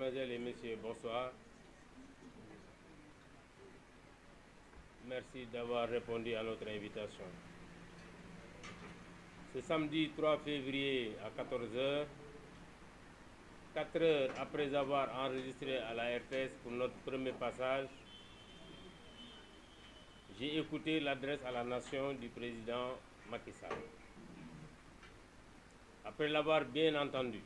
Mesdames et Messieurs, bonsoir. Merci d'avoir répondu à notre invitation. Ce samedi 3 février à 14h, 4 heures après avoir enregistré à la RTS pour notre premier passage, j'ai écouté l'adresse à la nation du président Macky Sall. Après l'avoir bien entendu,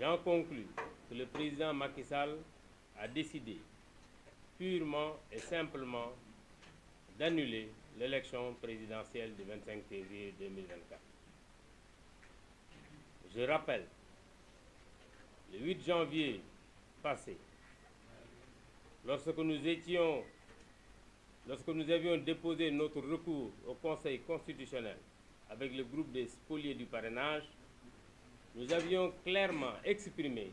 J'en conclus que le président Macky Sall a décidé purement et simplement d'annuler l'élection présidentielle du 25 février 2024. Je rappelle, le 8 janvier passé, lorsque nous étions, lorsque nous avions déposé notre recours au Conseil constitutionnel avec le groupe des spoliés du parrainage, nous avions clairement exprimé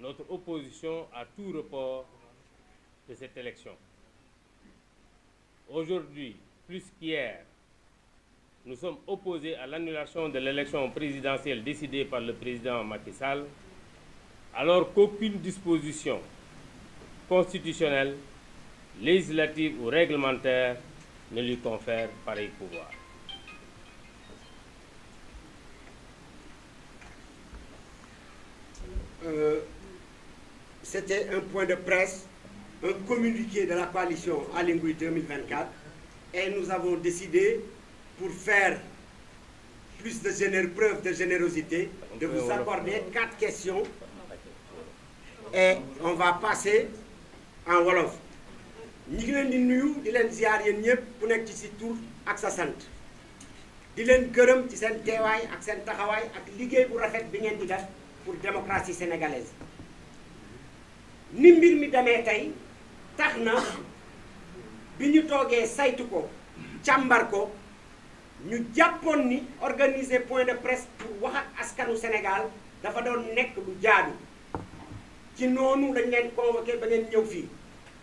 notre opposition à tout report de cette élection. Aujourd'hui, plus qu'hier, nous sommes opposés à l'annulation de l'élection présidentielle décidée par le président Macky Sall, alors qu'aucune disposition constitutionnelle, législative ou réglementaire ne lui confère pareil pouvoir. euh, c'était un point de presse, un communiqué de la coalition Alingui 2024. Et nous avons décidé, pour faire plus de génère, preuve de générosité, de vous accorder quatre questions. Et on va passer en Wolof. ñi ngi leen di nuyu di len ziar yéen ñëpp ku nekk ci si tur ak sa sant di leen gërëm ci seen teewaay ak seen taxawaay ak liggéey bu rafet bi ngeen di def pour démocratie sénégalaise ni mbir mi demee tey tax na bi ñu toogee saytu ko càmbar ko ñu jàppoon ni organiser point de presse pour waxat askanu Sénégal dafa doon nekk lu jaadu ci noonu dañ leen convoqué ba ngeen ñëw fii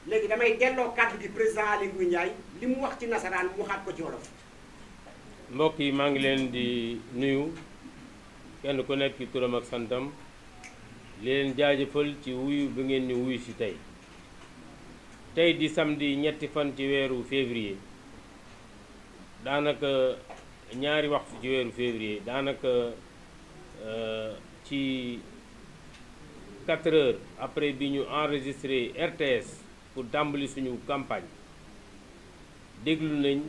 léegi damay delloo kàddu bi président Aly Ngouille Ndiaye li mu wax ci nasaraan mu waxaat ko ci wolof. mbokk yi maa ngi leen di nuyu. kenn ku nekk ci ak santam li leen jaajëfal ci wuyu bi ngeen ni wuyu si tey tey di samedi ñetti fan ci weeru février daanaka ñaari waxtu ci weeru février daanaka euh, ci 4 heures après bi ñu enregistré RTS pour tàmbali suñu campagne déglu nañ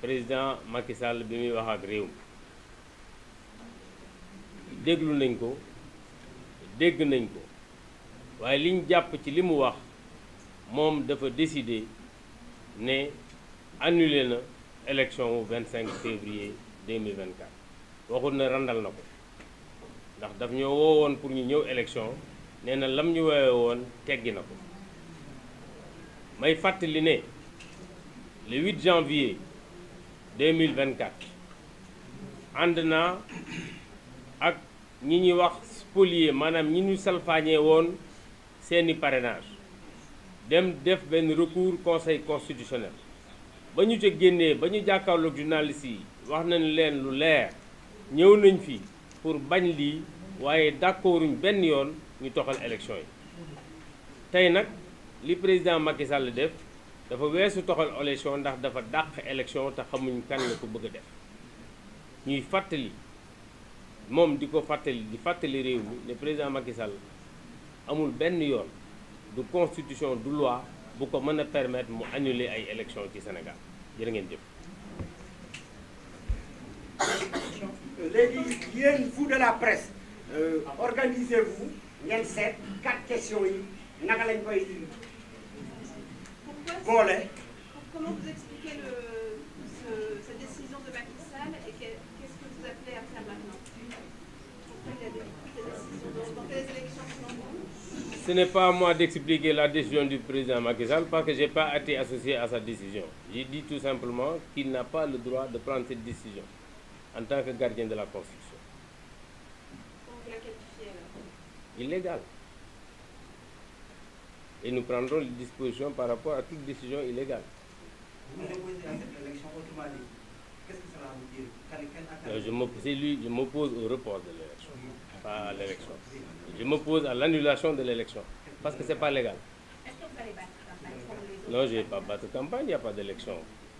président Macky Sall bi muy wax ak réew mi déglu nañ ko dégg nañ ko waaye liñ jàpp ci li mu wax moom dafa décider ne annulé na élection wu 25 février 2024 waxul na randal na ko ndax daf ñoo woo pour ñu ñëw élection nee na lam ñu woowee woon teggi na ko may fàttali ne le 8 janvier 2024 ànd naa ak ñi ñuy wax spolier maanaam ñi ñu salfaañee woon seeni parenage dem def benn recours conseil constitutionnel ba ñu ca génnee ba ñu jàkkaarloog journaliste yi wax nañ leen lu leer ñëw nañ fi pour bañ lii waaye d'accorduñ benn yoon ñu toxal élection yi tey nag li président Macky Sall def dafa weesu toxal élection ndax dafa dàq élection te xamuñ kan la ko bëgg a def ñuy fàttali moom di ko fàttali di fàttali réew mi ne président Macky amul benn yoon du constitution du loi bu ko mën a permettre mu annuler ay élections ci Sénégal jërë ngeen jëf. léegi yéen vous de la presse euh, organisez ngeen seet quatre questions yi naka lañ koy boole. Comment vous Ce n'est pas à moi d'expliquer la décision du président Macky Sall parce que je n'ai pas été associé à sa décision. J'ai dit tout simplement qu'il n'a pas le droit de prendre cette décision en tant que gardien de la Constitution. Vous la qualifiez Illégale. Et nous prendrons les dispositions par rapport à toute décision illégale. Qu'est-ce que cela veut je me, lui, au report de l'élection, pas à l'élection. Je m'oppose à l'annulation de l'élection, parce que pas légal. Est-ce Non, je ne vais pas battre campagne, pas d'élection.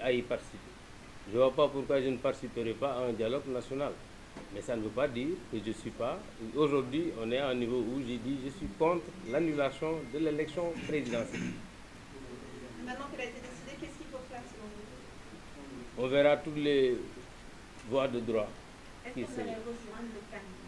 à y participer. Je ne vois pas pourquoi je ne participerai pas à un dialogue national. Mais ça ne veut pas dire que je suis pas. Aujourd'hui, on est un niveau où j'ai dit je suis contre l'annulation de l'élection présidentielle. Maintenant qu'elle a été décidée, qu'est-ce qu'il faut faire selon vous On verra toutes les voies de droit. Est-ce que vous allez rejoindre le